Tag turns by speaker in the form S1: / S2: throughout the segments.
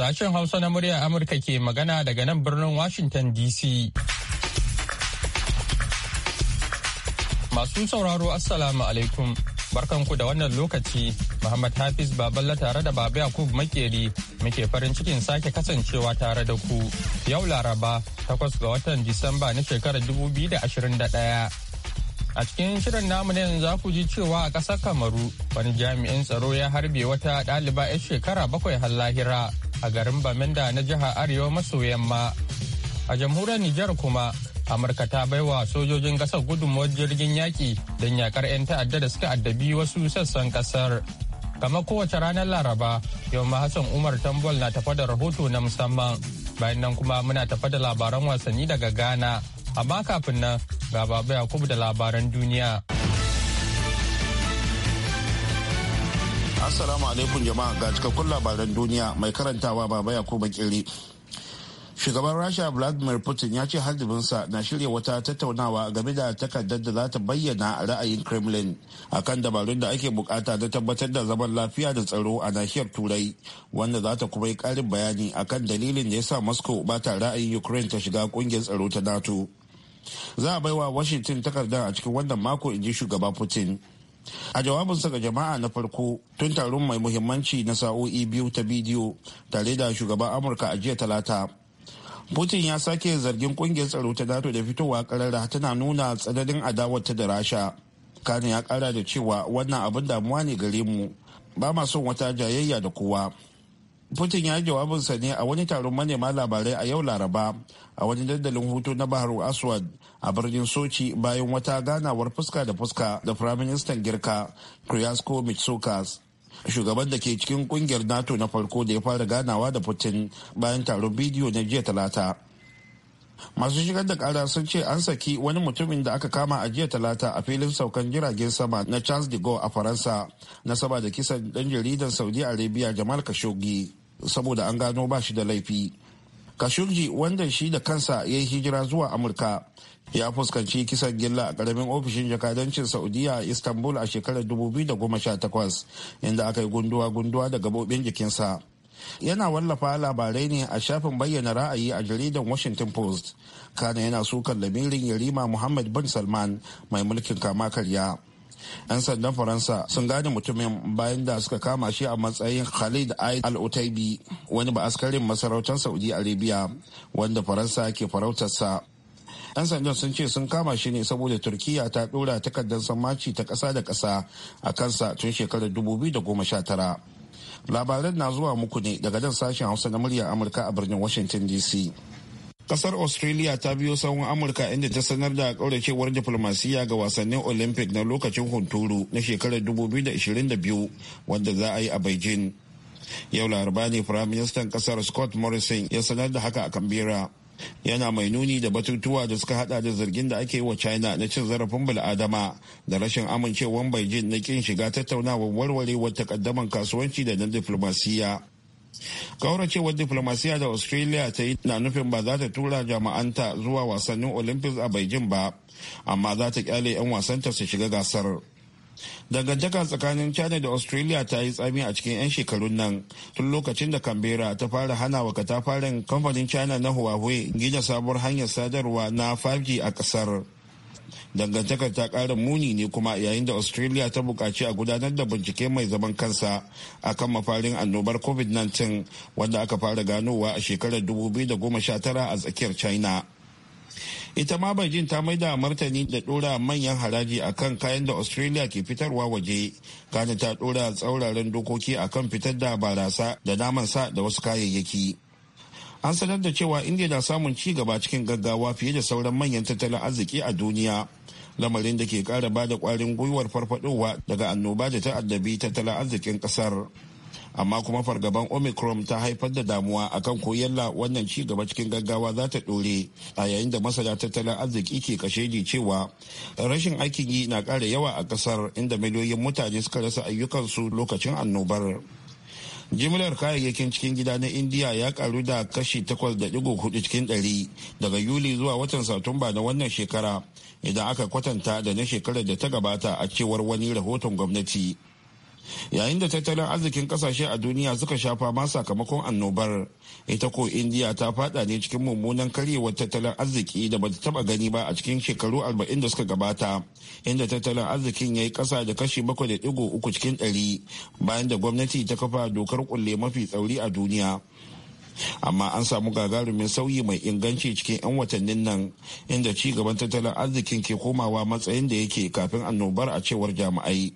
S1: Sashen Hausa na murya Amurka ke magana daga nan birnin Washington DC. Masu sauraro Assalamu alaikum. Barkanku da wannan lokaci, Muhammad Hafiz Baballa tare da Babu Yakub Makeri muke farin cikin sake kasancewa tare da ku. Yau Laraba, takwas ga watan Disamba na shekarar 2021. A cikin shirin namu na yanzu ku ji cewa a ƙasar Kamaru wani jami'in tsaro ya harbe wata ɗaliba 'yar shekara bakwai har lahira a garin baminda na jihar Arewa maso yamma. A jamhuriyar Nijar kuma Amurka ta baiwa sojojin gasar gudunmawar jirgin yaƙi don yaƙar 'yan ta'adda da suka addabi wasu sassan ƙasar. Kamar kowace ranar Laraba, yau Hassan Umar Tambol na tafa da rahoto na musamman. Bayan nan kuma muna tafa da labaran wasanni daga Ghana. Amma kafin nan, ga Baba Yakubu da labaran duniya.
S2: Assalamu alaikum jama'a ga cikakkun labaran duniya mai karantawa baba ya kuma kiri. Shugaban Rasha Vladimir Putin ya ce sa na shirya wata tattaunawa game da takardar da za ta bayyana ra'ayin Kremlin akan dabarun da ake bukata da tabbatar da zaman lafiya da tsaro a nahiyar Turai wanda za ta kuma yi karin bayani akan dalilin da ya sa Moscow ba ta ra'ayin Ukraine ta shiga kungiyar tsaro ta NATO. Za a baiwa Washington takardar a cikin wannan mako in ji shugaba Putin. a jawabinsa ga jama'a na farko tun taron mai muhimmanci na sa'o'i biyu ta bidiyo tare da shugaban amurka a jiya talata putin ya sake zargin kungiyar tsaro ta nato da fitowa karara tana nuna tsananin adawarta da rasha kane ya kara da cewa wannan abin damuwa ne gare mu ba ma son wata jayayya da kowa Putin ya yi jawabinsa ne a wani taron manema labarai a yau Laraba a wani dandalin hutu na Baharu Aswad a birnin Sochi bayan wata ganawar fuska da fuska da Firaministan Girka Kryasko Mitsukas Shugaban da ke cikin kungiyar NATO na farko da ya fara ganawa da Putin bayan taron bidiyo na jiya talata. Masu shigar da kara sun ce an saki wani mutumin da aka kama a jiya talata a filin saukan jiragen sama na Charles de Gaulle a Faransa na saba da kisan dan jaridan Saudi Arabia Jamal Khashoggi. saboda an gano ba shi da laifi kashurji wanda shi da kansa ya yi hijira zuwa amurka ya fuskanci kisan gilla a ƙaramin ofishin jakadancin saudiya a istanbul a shekarar 2018 inda aka yi gunduwa-gunduwa da gabobin jikinsa yana wallafa labarai ne a shafin bayyana ra'ayi a jaridan washington post kana yana sukan lamirin yarima muhammad bin salman mai mulkin kama karya 'yan sandan faransa sun gane mutumin bayan da suka kama shi a matsayin khalid al-utaibi wani ba askarin masarautar saudi arabia wanda faransa ke farautarsa 'yan sandan sun ce sun kama shi ne saboda turkiya ta dora takardar sammaci ta ƙasa da ƙasa a kansa tun shekarar dubu biyu da goma sha tara. labaran na zuwa muku ne daga nan sashen hausa na murya amurka a birnin washington dc kasar australia ta biyo sahun amurka inda ta sanar da kaurakewar diflomasiyya ga wasannin olympic na lokacin hunturu na shekarar 2022 wanda za a yi a beijing yau laraba ne prime minister kasar scott morrison ya sanar da haka a kambira yana mai nuni da batutuwa da suka hada da zargin da ake yi wa china na cin zarafin bil'adama da rashin amincewar beijing na kin shiga tattaunawar warwarewar kaddamar kasuwanci da na diflomasiyya Ƙauracewar diplomasiya da australia ta yi na nufin ba za ta tura jama'anta zuwa wasannin olympics a beijing ba amma za ta kyale 'yan wasanta su shiga gasar dangantaka tsakanin china da australia ta yi tsami a cikin 'yan shekarun nan tun lokacin da canberra ta fara hana wa katafaren kamfanin china na huawei gina sabuwar hanyar sadarwa na 5g a kasar dangantakar ta ƙara muni ne kuma yayin da australia ta bukaci a gudanar da bincike mai zaman kansa akan mafarin annobar covid-19 wanda aka fara ganowa a shekarar 2019 a tsakiyar china ita ma beijing ta maida martani da dora manyan haraji a kan kayan da australia ke fitarwa waje kana ta dora tsauraran dokoki akan fitar da barasa da naman sa da wasu kayayyaki an sanar da cewa india na samun ci gaba cikin gaggawa fiye da sauran manyan tattalin arziki a duniya lamarin da ke kara ba da kwarin gwiwar farfadowa daga annoba da ta addabi tattalin arzikin kasar amma kuma fargaban omicron ta haifar da damuwa akan ko yalla wannan ci gaba cikin gaggawa za ta dore a yayin da masana tattalin arziki ke ji cewa rashin aikin yi na kara yawa a kasar inda miliyoyin mutane suka rasa ayyukansu lokacin annobar jimlar kayayyakin cikin gida na indiya ya karu da kashi 8.4 cikin 100 daga yuli zuwa watan satumba na wannan shekara idan aka kwatanta da na shekarar da ta gabata a cewar wani rahoton gwamnati yayin da tattalin arzikin kasashe a duniya suka shafa ma sakamakon annobar ita ko indiya ta fada ne cikin mummunan karyewar tattalin arziki da bata taba gani ba a cikin shekaru 40 da suka gabata inda tattalin arzikin ya yi kasa da kashi da uku cikin 100 bayan da gwamnati ta kafa dokar kulle mafi tsauri a duniya amma an samu gagarumin sauyi mai inganci cikin 'yan watannin nan inda ci gaban tattalin arzikin ke komawa matsayin da yake kafin annobar a cewar jami'ai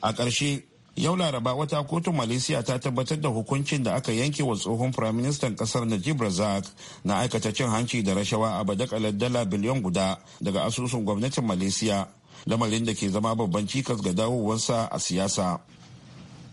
S2: a ƙarshe yau laraba wata kotun malaysia ta tabbatar da hukuncin da aka yanke wa tsohon firaministan kasar najib razak na aikata cin hanci da rashawa a badakalar dala biliyan guda daga asusun gwamnatin malaysia lamarin da ke zama babban cikas ga dawowarsa a siyasa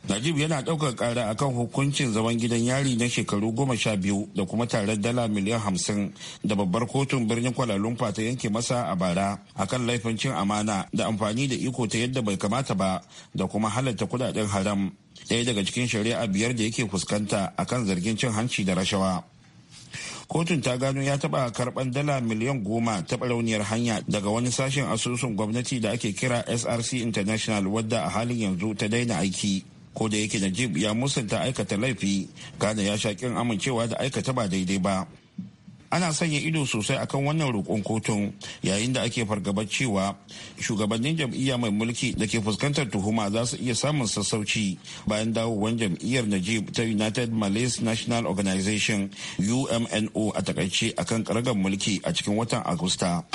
S2: najib yana ɗaukar ƙara akan hukuncin zaman gidan yari na shekaru goma sha biyu da kuma tarar dala miliyan hamsin da babbar kotun birnin kwalalumpa ta yanke masa a bara akan laifin cin amana da amfani da iko ta yadda bai kamata ba da kuma halarta kudaden haram ɗaya daga cikin shari'a biyar da yake fuskanta akan zargin cin hanci da rashawa kotun ta gano ya taɓa karɓan dala miliyan goma ta barauniyar hanya daga wani sashen asusun gwamnati da ake kira src international wadda a halin yanzu ta daina aiki ko da yake najib ya musanta aikata laifi gane ya sha kin amincewa da aikata ba daidai ba ana sanya ido sosai akan wannan roƙon kotun yayin da ake fargabar cewa shugabannin jam'iyya mai mulki da ke fuskantar tuhuma za su iya samun sassauci bayan dawowar jam'iyyar najib ta united malays national organization umno a takaice akan karagar mulki a cikin watan agusta.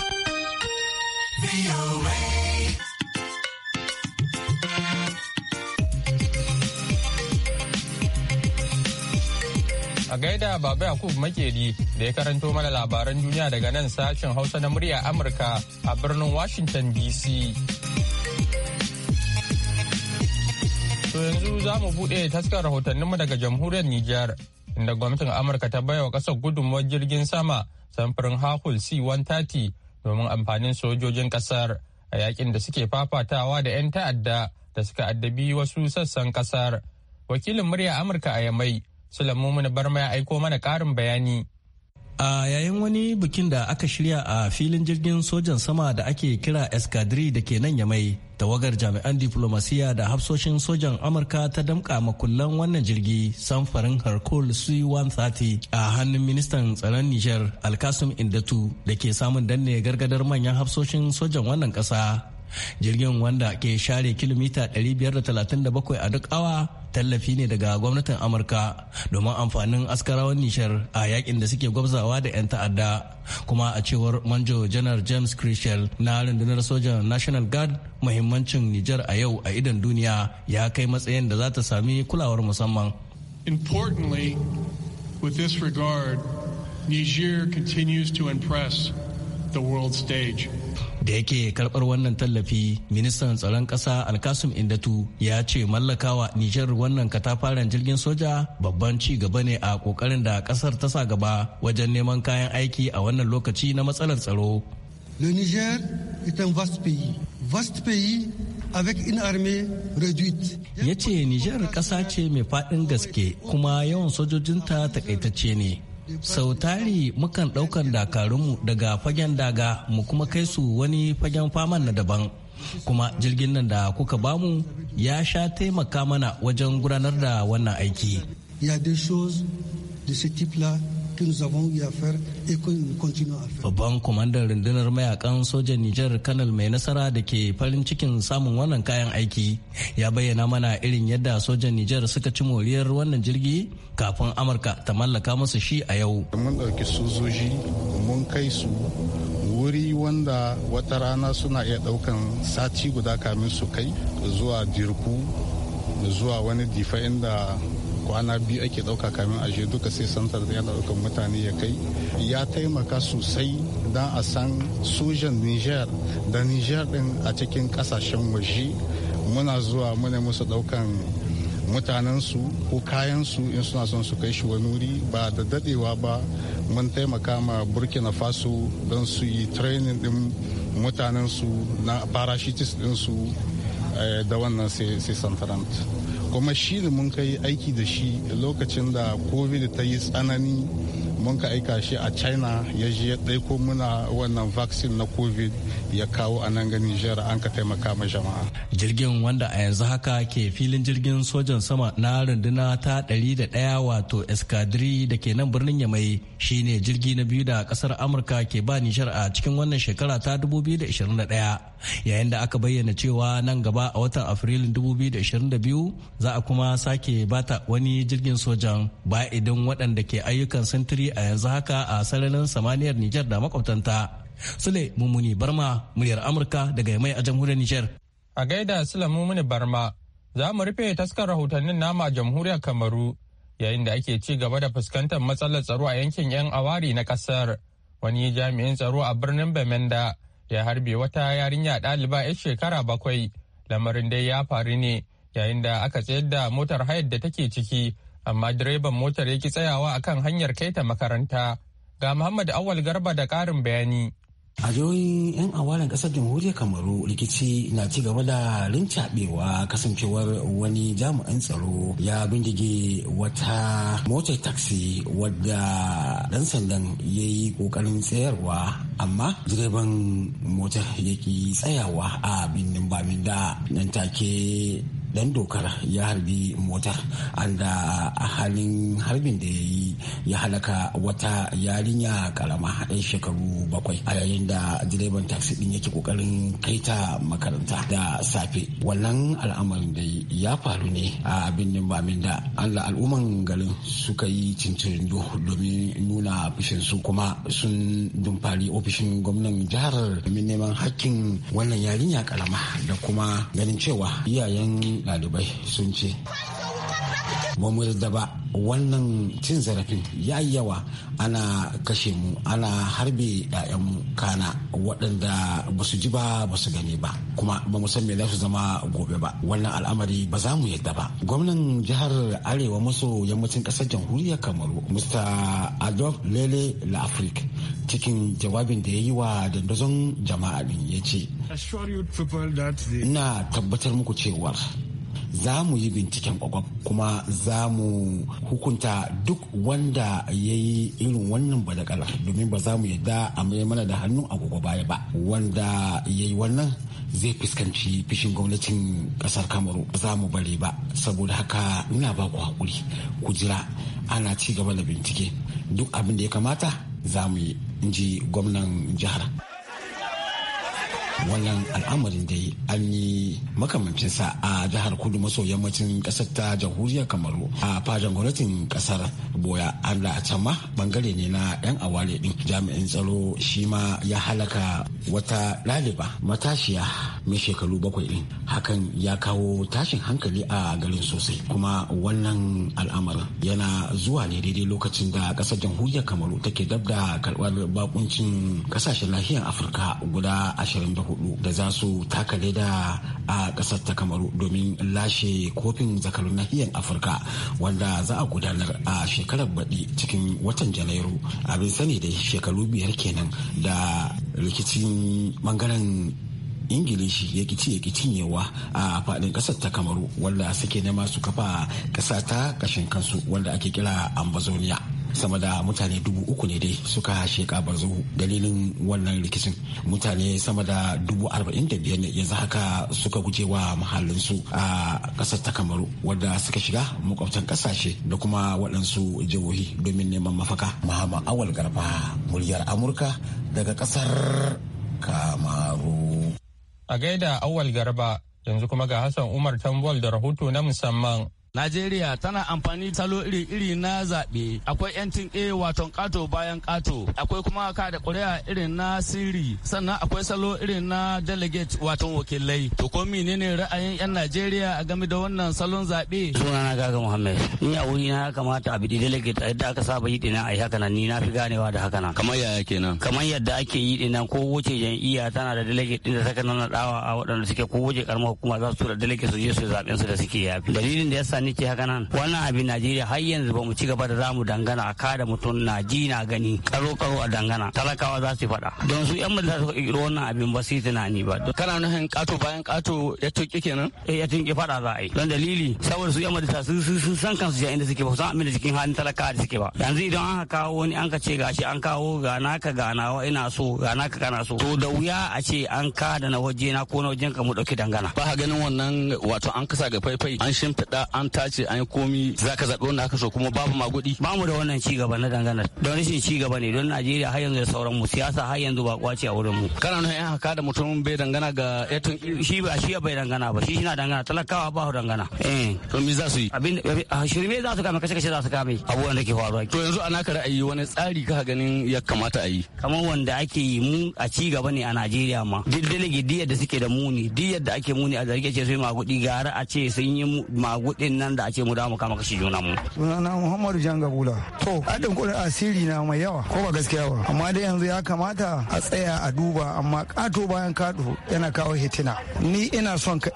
S1: A gaida Baba Yakub Makeri da ya karanto mana labaran duniya daga nan sashen Hausa na murya Amurka a birnin Washington DC. To yanzu za mu buɗe taskar rahotanninmu daga jamhuriyar Nijar, inda gwamnatin Amurka ta wa ƙasar gudunmawar jirgin sama samfurin hakul C-130 domin amfanin sojojin ƙasar a yakin da suke fafatawa da 'yan ta'adda da suka addabi wasu sassan ƙasar. Wakilin murya Amurka a Yamai, Sulaimu Barma ya aiko mana ƙarin bayani. A yayin wani bikin da aka
S3: shirya a filin jirgin sojan sama da ake kira Escadrille da ke nan Yamai, tawagar jami'an diplomasiya da hafsoshin sojan Amurka ta damƙa makullan wannan jirgi samfarin Harkul C-130 a hannun ministan tsaron Nijar Alkasim Indatu da ke samun danne gargadar manyan hafsoshin sojan wannan ƙasa. jirgin wanda ke share kilomita 537 a duk awa tallafi ne daga gwamnatin amurka domin amfanin askarawan nishar a yakin da suke gwabzawa da 'yan ta'adda kuma a cewar manjo janar james christian na rundunar sojan national guard muhimmancin nijar a yau a idan duniya ya kai matsayin da za ta sami kulawar musamman importantly with this regard niger continues to impress the world stage da yake karbar wannan tallafi ministan tsaron kasa alkasum indatu ya ce mallakawa nijar wannan katafaren jirgin soja babban ci gaba ne a kokarin da kasar ta sa gaba wajen neman kayan aiki a wannan lokaci na matsalar tsaro le niger est un vaste pays vaste pays avec une armée réduite. Ya ce Nijar ƙasa ce mai faɗin gaske kuma yawan sojojinta takaitacce ne. sau tari mukan ɗaukan dakarunmu daga fagen daga mu kuma kai su wani fagen faman na daban kuma jirgin nan da kuka bamu ya sha taimaka mana wajen gudanar da wannan aiki.
S4: que nous avons eu à faire et que nous continuons à faire. Babban
S3: kwamandan rundunar mayakan sojan Nijar Kanal mai nasara da ke farin cikin samun wannan kayan aiki ya bayyana mana irin yadda sojan Nijar suka ci moriyar wannan jirgi kafin
S5: Amurka ta mallaka masa shi a yau. Mun ɗauki sojoji mun kai su wuri wanda wata rana suna iya ɗaukan sati guda kamin su kai zuwa jirku zuwa wani difa inda kwana biyu ake ɗauka kamin a duka sai santar ya ɗaukan mutane ya kai ya taimaka sosai don a san sojan niger da niger ɗin a cikin ƙasashen waje muna zuwa muna musu ɗaukan mutanensu ko kayansu in suna son su kai shi wani wuri ba da dadewa ba mun taimaka ma burkina faso don su yi training din mutanensu na parashitis ɗinsu eh, da wannan sai santarant. kuma shi ne mun kai aiki da shi lokacin da covid ta yi tsanani mun ka aika shi a china ya je ya ɗaiko muna wannan vaccine na covid ya kawo a nan ganin jihar an ka taimaka ma jama'a
S3: jirgin wanda a yanzu haka ke filin jirgin sojan sama na runduna ta da ɗaya wato escadri da ke nan birnin shi ne jirgi na biyu da kasar amurka ke ba nishar a cikin wannan shekara ta 2021 yayin da aka bayyana cewa nan gaba a watan afrilun 2022 za a kuma sake bata wani jirgin sojan ba idan waɗanda ke ayyukan sintiri a yanzu haka a sararin samaniyar nijar da makwabtanta
S1: sule mummuni barma muryar amurka daga mai a jamhuriyar nijar a gaida sule mummuni barma za mu rufe taskar rahotannin nama jamhuriyar kamaru yayin da ake ci gaba da fuskantar matsalar tsaro a yankin 'yan awari na kasar wani jami'in tsaro a birnin bemenda ya harbe wata yarinya ɗaliba 'yar shekara bakwai lamarin dai ya faru ne yayin da aka tsayar da motar hayar da take ciki amma direban motar ya ki tsayawa akan hanyar kai ta makaranta ga muhammad awal garba da ƙarin bayani
S6: a jihohin 'yan awalin kasar jamhuriyar kamaru rikici na ci gaba da rincaɓewa kasancewar wani jami'an tsaro ya bindige wata motar taxi wadda dan sandan ya yi ƙoƙarin tsayarwa amma direban motar ya ki tsayawa a birnin da nan take dan dokar ya harbi motar anda a halin harbin da ya ya halaka wata yarinya karama yan shekaru bakwai a yayin da direban taxi din yake kokarin kai ta makaranta da safe wannan al'amarin da ya faru ne a birnin bamin da allah al'umman garin suka yi cincirin domin nuna su kuma sun dumfari ofishin gwamnan jihar neman hakkin wannan yarinya karama da kuma ganin cewa iyayen ɗalibai sun ce ba da ba wannan cin zarafin ya yi yawa ana kashe mu ana harbe mu kana waɗanda ba su ji ba ba su gani ba kuma ba mu san me za su zama gobe ba wannan al'amari ba za mu yarda ba gwamnan jihar arewa maso yammacin ƙasar jamhuriyar kamaru mr adolf lele la la'afrique cikin jawabin da ya yi wa dandazon jama'a ya ce Na tabbatar muku cewar za mu yi binciken kwakwaf kuma za mu hukunta duk wanda ya yi irin wannan balakala domin ba za mu yadda a mai mana da hannu a baya ba wanda ya yi wannan zai fuskanci fishin gwamnatin kasar kamaru ba za mu bari ba saboda haka ina ba ku hakuri ku jira ana ci gaba da bincike duk abin da ya kamata za mu yi in ji gwamnan jihar. wannan al'amarin dai an yi makamancinsa a jihar kudu maso yammacin kasar ta jamhuriyar kamaru a fadan gwamnatin kasar boya an da can ma bangare ne na yan awale din jami'in tsaro shi ma ya halaka wata ɗaliba matashiya mai shekaru bakwai din hakan ya kawo tashin hankali a garin sosai kuma wannan al'amarin yana zuwa ne daidai lokacin da kasar jamhuriyar kamaru take dab da karɓar bakuncin kasashen lahiyar afirka guda ashirin da hudu da za su taka leda a kasar ta kamaru domin lashe kofin zakarun nahiyar afirka wanda za a gudanar a shekarar baɗi cikin watan janairu abin sani da shekaru biyar kenan da rikicin bangaren ingilishi ya kici ya cinyewa a fadin kasar ta kamaru wanda suke nema su kafa ƙasa ta ƙashin kansu wanda ake kira ambazonia sama da mutane dubu uku ne dai suka sheka barzo dalilin wannan rikicin mutane sama da dubu arba'in da biyar ne yanzu haka suka guje wa mahallinsu a kasar ta kamaru wadda suka shiga makwabtan kasashe da kuma waɗansu jihohi domin neman mafaka mahama awal garba muryar amurka daga kasar
S1: kamaru a gaida awal garba yanzu kuma ga hassan umar tambol da rahoto na musamman Najeriya tana amfani salo iri-iri na
S7: zaɓe. Akwai 'yancin A waton ƙato bayan ƙato. Akwai kuma ka da ƙuri'a irin na sirri. Sannan akwai salo irin na delegate waton wakilai. To ko ne ra'ayin
S8: 'yan Najeriya a game da wannan salon zaɓe? Sunana Gaga Muhammad. Ni a wuri na kamata a bidi delegate a yadda aka saba yi dina a yi haka nan ni na fi ganewa da haka nan. Kamar yaya kenan? Kamar yadda ake yi dinan ko wuce jam'iyya tana da delegate ɗin da saka nan a waɗanda suke ko wuce ƙaramar hukuma za su tura delegate su je su zaɓen su da suke yafi. Dalilin da ya ni ce haka nan wannan abin najeriya har yanzu ba mu ci gaba da zamu dangana a kada mutum na ji na gani karo karo a dangana talakawa za su faɗa don su yan majalisa su ƙiro wannan abin ba su yi tunani ba kana nufin kato bayan kato ya tuki kenan eh ya tuki faɗa za a yi don dalili saboda su yan majalisa sun sun san kansu ya inda suke ba san abin da cikin halin talakawa da suke ba yanzu idan an ka kawo wani an ka ce gashi an kawo ga naka ga nawa ina so ga naka kana so to da wuya a ce an ka da na waje na ko na wajen ka mu dauki dangana ba ganin wannan wato an kasa ga faifai an shimfiɗa an ce an yi komi za ka zaɓi wanda aka so kuma babu magudi. Ba mu da wannan gaba na dangana don rashin gaba ne don Najeriya har yanzu da sauran mu siyasa har yanzu ba kwace a wurin mu. Kana nuna yan haka da mutum bai dangana ga yatun shi ba shi bai dangana ba shi shi na dangana talakawa ba dangana. Eh to me za su yi? Abin shirme za su kame kashe kashe za su kame abubuwan da ke faruwa. To yanzu ana ka ra'ayi wani
S7: tsari ka ganin ya kamata a yi.
S8: Kamar wanda ake yi mu a ci gaba ne a Najeriya ma. Dildilige diyar da suke da muni diyar da ake muni a zargi ce sai yi magudi gara a ce sun yi magudin nan da ake mu da mu kama kashi juna mu sunana muhammadu
S9: Gabula to adin kuɗin asiri na mai yawa ko ba gaskiya ba amma dai yanzu ya kamata a tsaya a duba amma ƙato bayan kaɗo yana kawo hitina ni ina son ka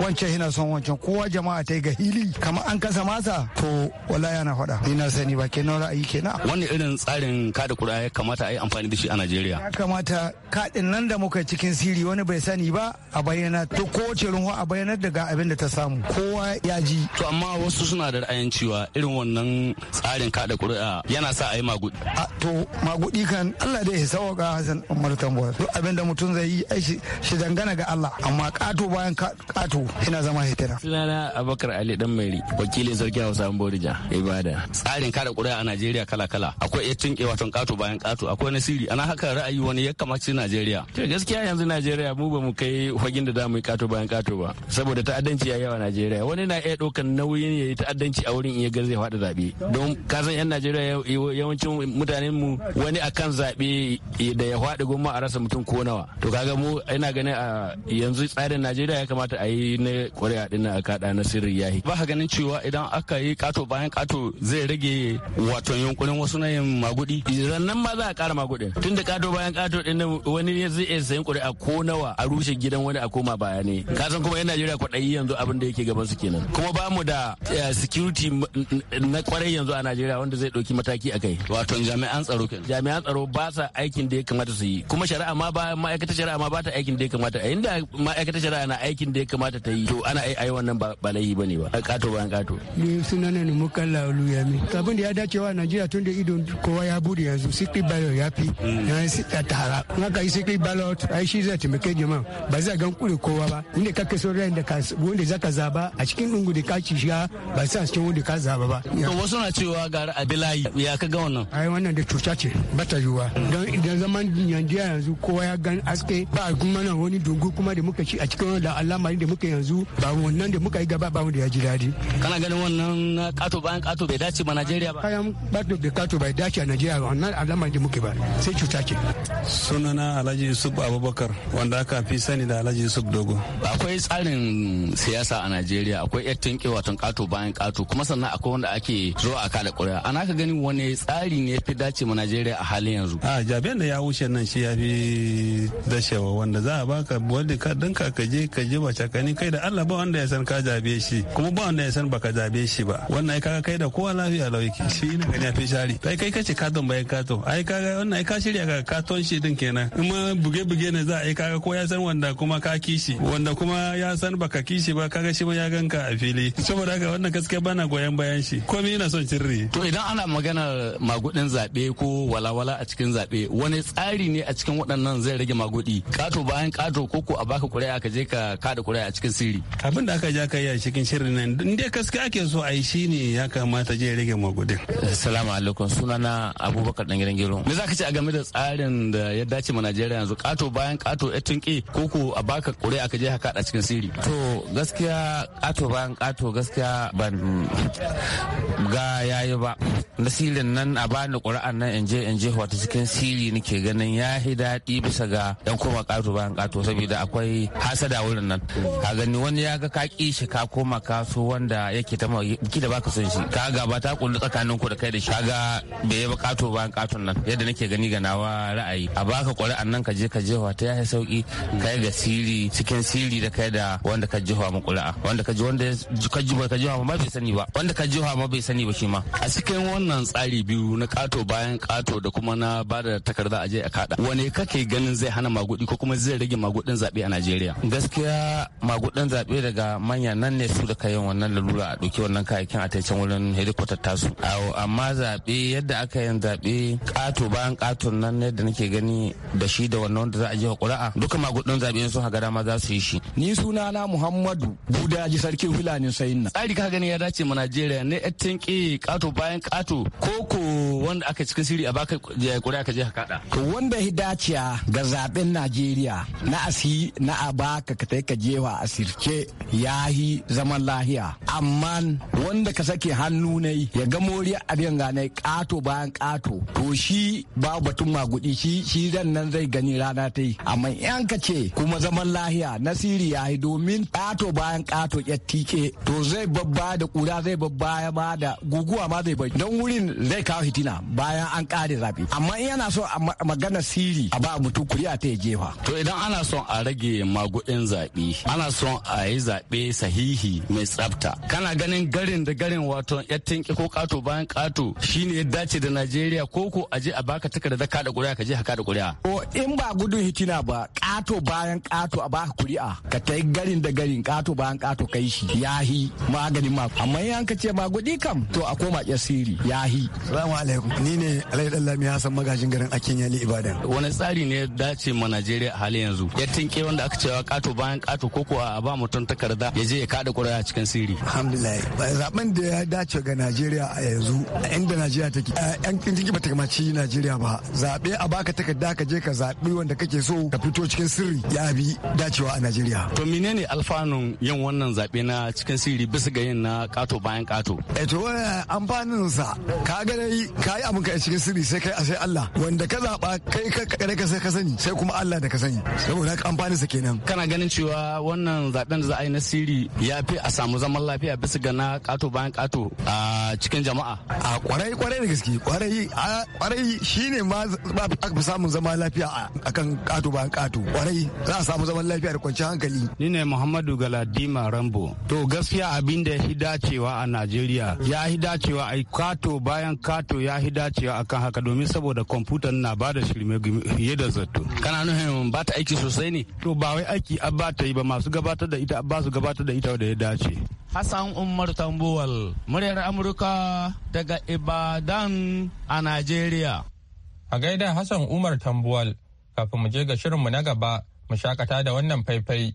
S9: wancan ina son wancan kowa jama'a ta yi ga hili kamar an kasa masa to wala yana faɗa ni na sani ba kenan ra'ayi kenan
S7: wani irin tsarin kaɗa kuɗa ya kamata a yi amfani da shi a najeriya ya
S9: kamata kaɗin nan da muka cikin siri wani bai sani ba a bayyana to kowace runwa a bayyanar daga abin da ta samu kowa ya ji
S7: to amma wasu suna da ra'ayin cewa irin wannan tsarin kada ƙuri'a yana sa a yi magudi.
S9: to magudi kan Allah da ya sauka Hassan Umar Tambuwal duk abin da mutum zai yi ai shi dangana ga Allah amma kato bayan kato yana
S5: zama hitira.
S7: Sunana Abubakar Ali Dan Mairi wakilin sarki Hausa borija Ibada. Tsarin kada ƙuri'a a Najeriya kala-kala akwai ya tunke wato kato bayan kato akwai na siri ana haka ra'ayi wani ya kamace Najeriya. To gaskiya yanzu Najeriya mu ba mu kai hagin da za mu yi kato bayan kato ba saboda ta'addanci ya yawa Najeriya wani na iya ɗaukan nauyi ne ya ta'addanci a wurin iya zai faɗa zaɓe don kasan 'yan najeriya yawancin mutanen mu wani akan zaɓe da ya faɗi goma a rasa mutum ko nawa to kaga mu ina ganin a yanzu tsarin najeriya ya kamata a yi na ƙuri'a ɗin a kaɗa na sirri yi ba ka ganin cewa idan aka yi ƙato bayan ƙato zai rage wato yunkurin wasu na yin magudi rannan ma za a ƙara magudin tunda ƙato bayan ƙato ɗin wani zai iya sayan ƙuri'a ko nawa a rushe gidan wani a koma baya ne kasan kuma 'yan najeriya kwaɗayi yanzu abin da yake gaban su kenan kuma ba mu da eh, security na kwarai yanzu a Najeriya wanda zai ɗauki mataki a kai. Wato jami'an tsaro kenan. Jami'an tsaro ba sa aikin da ya kamata su yi kuma shari'a ma ba ma'aikatar shari'a ma ba ta aikin da ya kamata a inda ma'aikatar shari'a na aikin da ya kamata ta yi to ana ai wannan ba laifi bane ba. Kato bayan kato. Ni sunana ne Mukalla mi. Abin da ya dace wa Najeriya tun da idon kowa ya bude yanzu sikri balo ya fi na mm. sika tara. Na ka
S6: yi secret ballot ai shi zai taimake jama'a ba zai gan kure kowa ba inda kake so rai da ka wanda zaka zaba a cikin dungu da kaci shi shiga ba sa cikin wanda ka zaba ba. To
S7: wasu na cewa ga a ya ka ga wannan. Ai wannan da cuta ce ba ta yiwuwa. Don idan zaman yanzu yanzu kowa ya gan aske ba kuma nan wani dungu kuma da muka ci a cikin da alamari da muka yanzu ba wannan da muka yi gaba ba wanda ya ji daɗi. Kana ganin wannan kato bayan kato bai dace ba Najeriya ba. Kayan kato da kato bai dace a Najeriya ba wannan alamari da muke ba sai cuta ce.
S4: Sunana Alhaji Yusuf Abubakar wanda aka fi sani da Alhaji Yusuf Dogo. Akwai tsarin
S7: siyasa a Najeriya akwai yattin kewa watan kato bayan kato kuma sannan akwai wanda ake zuwa a kada kuri'a ana ka gani wani tsari ne fi dace ma najeriya a halin yanzu
S4: a jaben da ya wuce nan shi ya fi dashewa wanda za a baka wanda ka dan ka je ka je ba cakani kai da allah ba wanda ya san ka jabe shi kuma ba wanda ya san baka jabe shi ba wannan ai kaga kai da kowa lafiya lauki shi ina gani fi shari ai kai kace katon bayan kato ai kaga wannan ai ka shirya ka katon shi din kenan kuma buge-buge ne za a yi kaga ko ya san wanda kuma ka kishi wanda kuma ya san baka kishi ba kaga shi ma ya ganka a fili so saboda haka wannan gaskiya bana goyon bayan shi komai yana son cirri to idan
S7: ana maganar magudin zaɓe ko walawala a cikin zaɓe wani tsari ne a cikin waɗannan zai rage magudi kato bayan kato ko ko a baka kuri'a ka je ka kada kuri'a a cikin sirri
S4: abin da aka ja ka yi a cikin shirin nan inda gaskiya ake so a yi ne ya kamata je rage magudin
S7: assalamu alaikum sunana abubakar dan gidan gero
S4: me zaka ce a game da tsarin da ya dace ma Najeriya
S7: yanzu kato bayan kato ya tunke ko ko a baka kuri'a ka je ka kada cikin sirri to gaskiya kato bayan kato gaskiya ban ga yayi ba na silin nan a bani ƙura'an nan in je in je wata cikin sili nake ganin ya yi daɗi bisa ga yan koma ƙato bayan ƙato saboda akwai hasada wurin nan ka gani wani ya ga ka ƙi shi ka koma kaso wanda yake ta ki da baka son shi ka ga ba ta ƙulli tsakanin ku da kai da shi ga bai yi ba ƙato bayan ƙaton nan yadda nake gani ga nawa ra'ayi a baka ƙura'an nan ka je ka je wata ya yi sauƙi kai ga sili cikin sili da kai da wanda ka je wa mu ƙura'a wanda ka je wanda ka wanda ba ka jiha ma bai sani ba wanda ka jiha ma bai sani ba shi ma a cikin wannan tsari biyu na kato bayan kato da kuma na ba da takarda a je a kada wane kake ganin zai hana magudi ko kuma zai rage magudin zabe a Najeriya gaskiya magudin zabe daga manya nan ne su da kayan wannan lalura a dauki wannan kayakin a taicen wurin helicopter tasu amma zabe yadda aka yin zabe kato bayan katon nan ne da nake gani da shi da wannan wanda za a je ƙuri'a duka magudin zabe sun haga dama za su yi shi ni sunana Muhammadu
S6: ji sarkin Fulani Sayin nan
S7: tsari ka gani ya dace ma Najeriya ne ettin eh, ki kato bayan kato koko wanda aka cikin siri a baka kuri'a ka je ka kada
S6: to wanda ya dace ga zaben Najeriya na asi na a baka ka ka jewa a sirke yahi zaman lahiya amma wanda ka sake hannu ne ya ga moriya abin gane kato bayan kato to shi ba batun maguɗi shi shi zan nan zai gani rana ta yi amma yan ka ce kuma zaman lahiya na siri yahi domin kato bayan kato ya tike to zai babba da kura zai babba ya ba da guguwa ma zai bai don wurin zai kawo hitina bayan an kare zabe amma in yana so a magana siri a ba mutu kuri'a ta ya jefa
S7: to idan ana son a rage magudin zabe ana son a yi zabe sahihi mai tsafta kana ganin garin da garin wato yattin ko kato bayan kato shine ya dace da Najeriya ko ko a je a baka takarda ka da kuri'a ka je ka da kuri'a ko
S6: in ba gudun hitina ba kato bayan kato a baka kuri'a ka ta garin da garin kato bayan kato kai shi yahi maganin ma amma in an ka ce ma gudi kam to a koma asiri hi salamu alaikum ni ne alai ya san magajin garin akin yali ibadan
S7: wani tsari ne ya dace ma najeriya a halin yanzu ya tinke wanda aka cewa kato bayan kato ko ko a ba mutum takarda ya je ya kada kuraya cikin sirri
S6: alhamdulillah zaben da ya dace ga najeriya a yanzu inda najeriya take yan kintiki ba ta kamaci najeriya ba zabe a baka takarda ka je ka zabi wanda kake so ka fito cikin sirri ya bi dacewa a najeriya
S7: to menene alfanun yin wannan zabe na cikin siri hankali bisa ga yin na kato bayan kato.
S6: Eto eh, eh, amfanin sa ka gane ka yi abin ka cikin sirri sai kai a sai Allah wanda ka zaɓa kai ka kare ka sai ka sani sai kuma Allah da ka sani saboda haka amfanin sa kenan.
S7: Kana ganin cewa wannan zaɓen da za a yi na sirri ya fi a samu zaman lafiya bisa ga na kato bayan kato
S6: a cikin jama'a. A kwarai kwarai da gaske kwarai kwarai shine ma ba a samun zaman lafiya a kan
S7: kato bayan kato kwarai za a samu zaman lafiya da kwanciyar hankali. Ni ne Muhammadu Galadima Rambo. To gaskiya abin da ya fi dacewa a Najeriya ya fi dacewa a kato bayan kato ya fi dacewa akan haka domin saboda kwamfuta na ba da shirme fiye da zato. Kana nufin ba ta aiki sosai ne? To ba wai aiki an ba ta yi ba masu gabatar da ita ba su gabatar da ita da ya dace. Hassan Umar Tambuwal, muryar Amurka daga Ibadan
S1: a Najeriya. A gaida Hassan Umar Tambuwal, kafin mu je ga mu na gaba, mu shakata da wannan faifai.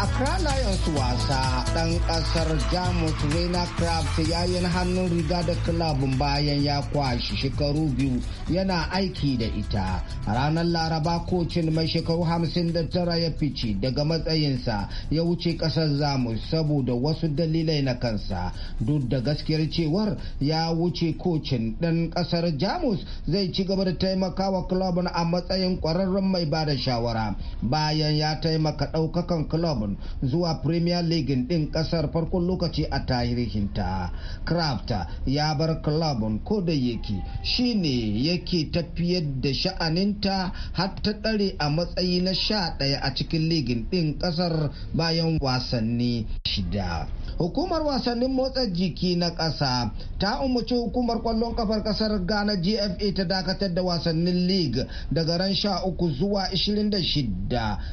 S9: Accra Lions wasa ɗan ƙasar Jamus Rena Craft ya yi hannun riga da kilabin bayan ya kwashi shekaru biyu yana aiki da ita. A ranar Laraba kocin mai shekaru hamsin da tara ya fice daga matsayinsa ya wuce ƙasar Jamus saboda wasu dalilai na kansa. Duk da gaskiyar cewar ya wuce kocin ɗan ƙasar Jamus zai ci gaba da taimakawa kilabin a matsayin ƙwararren mai ba da shawara bayan ya taimaka ɗaukakan kilabin zuwa Premier League ɗin ƙasar farkon lokaci a tarihinta. Kraft ya bar club ko da yake ne yake tafiyar da sha'aninta har ta ɗare a matsayi na sha ɗaya a cikin ligin ɗin ƙasar bayan wasanni shida. Hukumar wasannin motsa jiki na ƙasa ta umarci hukumar ƙwallon kafar ƙasar Ghana GFA ta dakatar da wasannin league daga ran sha uku zuwa 26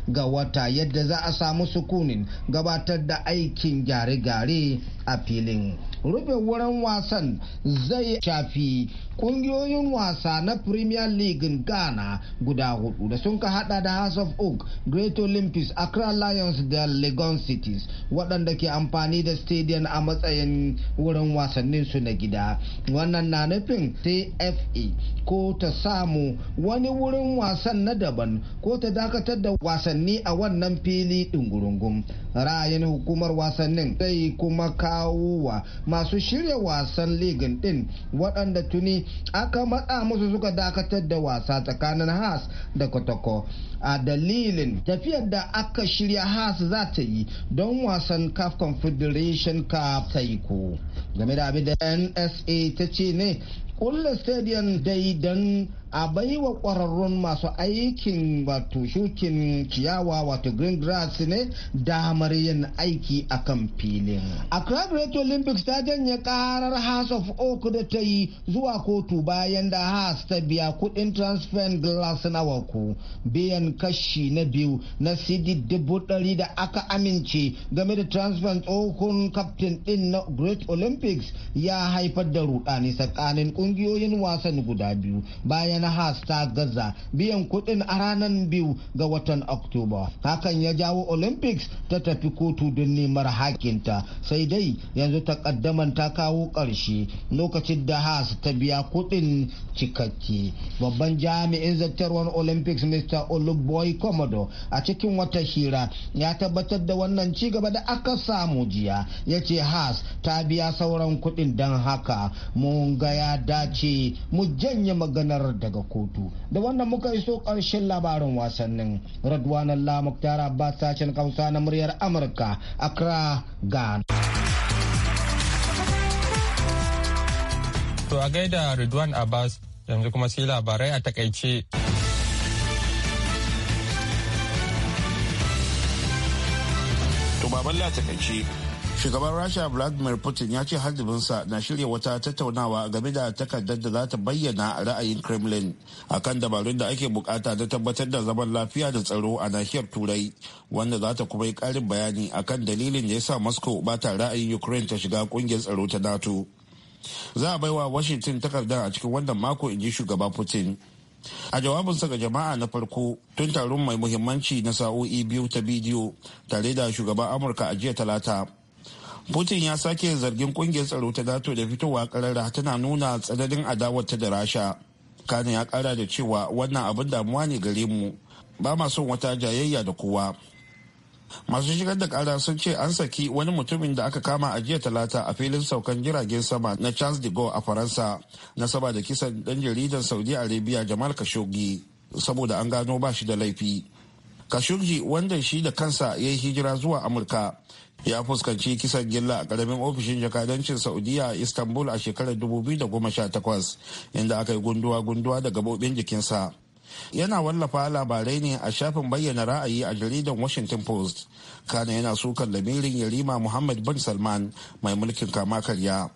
S9: ga wata yadda za a samu su sukunin gabatar da aikin gyare-gyare a filin rufe wurin wasan zai shafi kungiyoyin wasa na premier league ghana guda hudu da sun ka hada da house of oak great olympics accra lions da legon cities waɗanda ke amfani da stadium a matsayin wurin wasannin su na gida wannan na nufin tfa e ko ta samu wani wurin wasan na daban ko ta dakatar da wasanni a wannan fili ɗin ra'ayin hukumar wasannin zai kuma kawo wa masu shirya wasan ligin ɗin waɗanda tuni aka matsa musu suka dakatar da wasa tsakanin Haas da Kotoko a dalilin tafiyar da aka shirya Haas za ta yi don wasan CAF Confederation Cup Taiko. Game da abin da NSA ta ce ne kulle stadium dai don a wa kwararrun masu aikin wato shukin ciyawa wato green grass ne damar yin aiki a kan filin. a Great olympics ta janye karar house of oak da ta yi zuwa kotu bayan da haas ta biya kudin transfer glass na wako biyan kashi na biyu na cd dubu ɗari da aka amince game da transfer tsohon captain din na great olympics ya haifar da rudani tsakanin ƙungiyoyin wasan guda biyu bayan has ta gaza biyan kuɗin a ranar biyu ga watan oktoba hakan ya jawo olympics ta tafi kotu don neman hakinta sai dai yanzu takaddaman ta kawo ƙarshe lokacin da has ta biya kuɗin cikakke babban jami'in zartarwar olympics mr olum boy commodore a cikin wata hira ya tabbatar da wannan ci gaba da aka samu jiya ya ce has ta biya sauran kuɗi don haka mun ga ya dace mu janye maganar daga kotu da wannan muka iso karshen labarin wasannin radwanan allah muktar sashen kausa na muryar amurka accra ghana
S1: to a gaida Ridwan Abbas yanzu kuma sai labarai a takaice.
S2: To baballa takaice. Shugaban Rasha Vladimir Putin ya ce hajjibinsa na shirya wata tattaunawa game da takardar da za ta bayyana ra'ayin Kremlin akan dabarun da ake bukata da tabbatar da zaman lafiya da tsaro a nahiyar Turai wanda za ta kuma yi karin bayani akan dalilin da ya sa Moscow ba ta ra'ayin Ukraine ta shiga kungiyar tsaro ta NATO. Za a baiwa Washington takardar a cikin wannan mako in ji shugaba Putin. a jawabinsa ga jama'a na farko tun taron mai muhimmanci na sa'o'i biyu ta bidiyo tare da shugaban amurka a jiya talata putin ya sake zargin kungiyar tsaro ta gato da fitowa karara tana nuna tsananin adawarta da rasha kanin ya kara da cewa wannan abin damuwa ne gare mu ba ma son wata jayayya da kowa masu shigar da kara sun ce an saki wani mutumin da aka kama a jiya talata a filin saukan jiragen sama na charles de gaulle a faransa na saba da kisan dan jaridan saudi arabia jamal khashoggi saboda an gano ba shi da laifi khashoggi wanda shi da kansa ya yi hijira zuwa amurka ya fuskanci kisan gilla a karamin ofishin jakadancin saudiya a istanbul a shekarar 2018 inda aka yi gunduwa-gunduwa da gabobin jikinsa yana wallafa labarai ne a shafin bayyana ra'ayi a jaridan washington post kana yana sukan lamirin yarima muhammad bin salman mai mulkin kama karya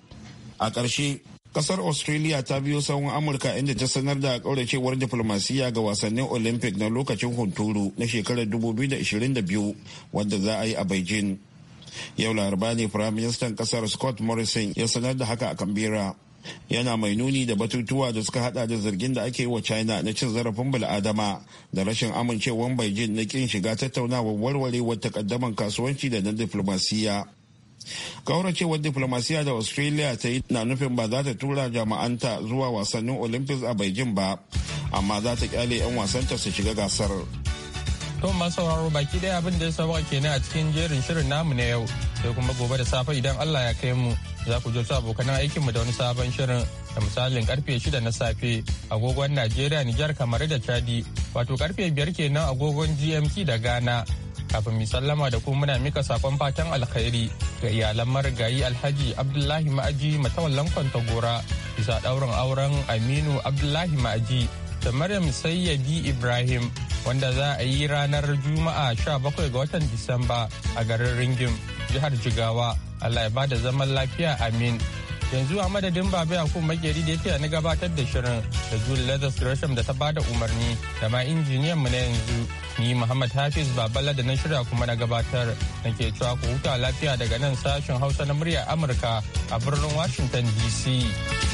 S2: a ƙarshe ƙasar australia ta biyo sahun amurka inda ta sanar da ƙauracewar diplomasiya ga wasannin olympic na lokacin hunturu na shekarar 2022 wanda za a yi a beijing yau laraba ne firaministan ƙasar scott morrison ya sanar da haka a kambira. yana mai nuni da batutuwa da suka hada da zargin da ake yi wa china na cin zarafin bil'adama da rashin amincewar beijing na kin shiga tattaunawar warwarewar takaddaman kasuwanci da na diflomasiyya kauracewar diplomasiya da australia ta yi na nufin ba za ta tura jama'anta zuwa wasannin olympics a beijing ba amma za ta kyale 'yan wasanta su shiga gasar
S1: To masu sauraro baki daya abin da ya saba kenan a cikin jerin shirin namu na yau sai kuma gobe da safe idan Allah ya kai mu za ku je su abokan aikin mu da wani sabon shirin da misalin karfe shida na safe agogon Najeriya Nijar kamar da Chadi wato karfe biyar kenan agogon GMT da Ghana kafin mu sallama da kuma muna mika sakon fatan alkhairi ga iyalan marigayi Alhaji Abdullahi Ma'aji matawallan Kwantagora bisa daurin auren Aminu Abdullahi Ma'aji da Maryam sayyadi Ibrahim wanda za a yi ranar Juma'a 17 ga watan Disamba a garin Ringim, jihar Jigawa. Allah ya ba da zaman lafiya amin. Yanzu a madadin Baba Yakubu Makeri da ya yake na gabatar da shirin da Julie Leathers Gresham da ta ba da umarni da ma injiniyan mu na yanzu ni Muhammad Hafiz Babala da na shirya kuma na gabatar nake cewa ku huta lafiya daga nan sashen Hausa na muryar Amurka a birnin Washington DC.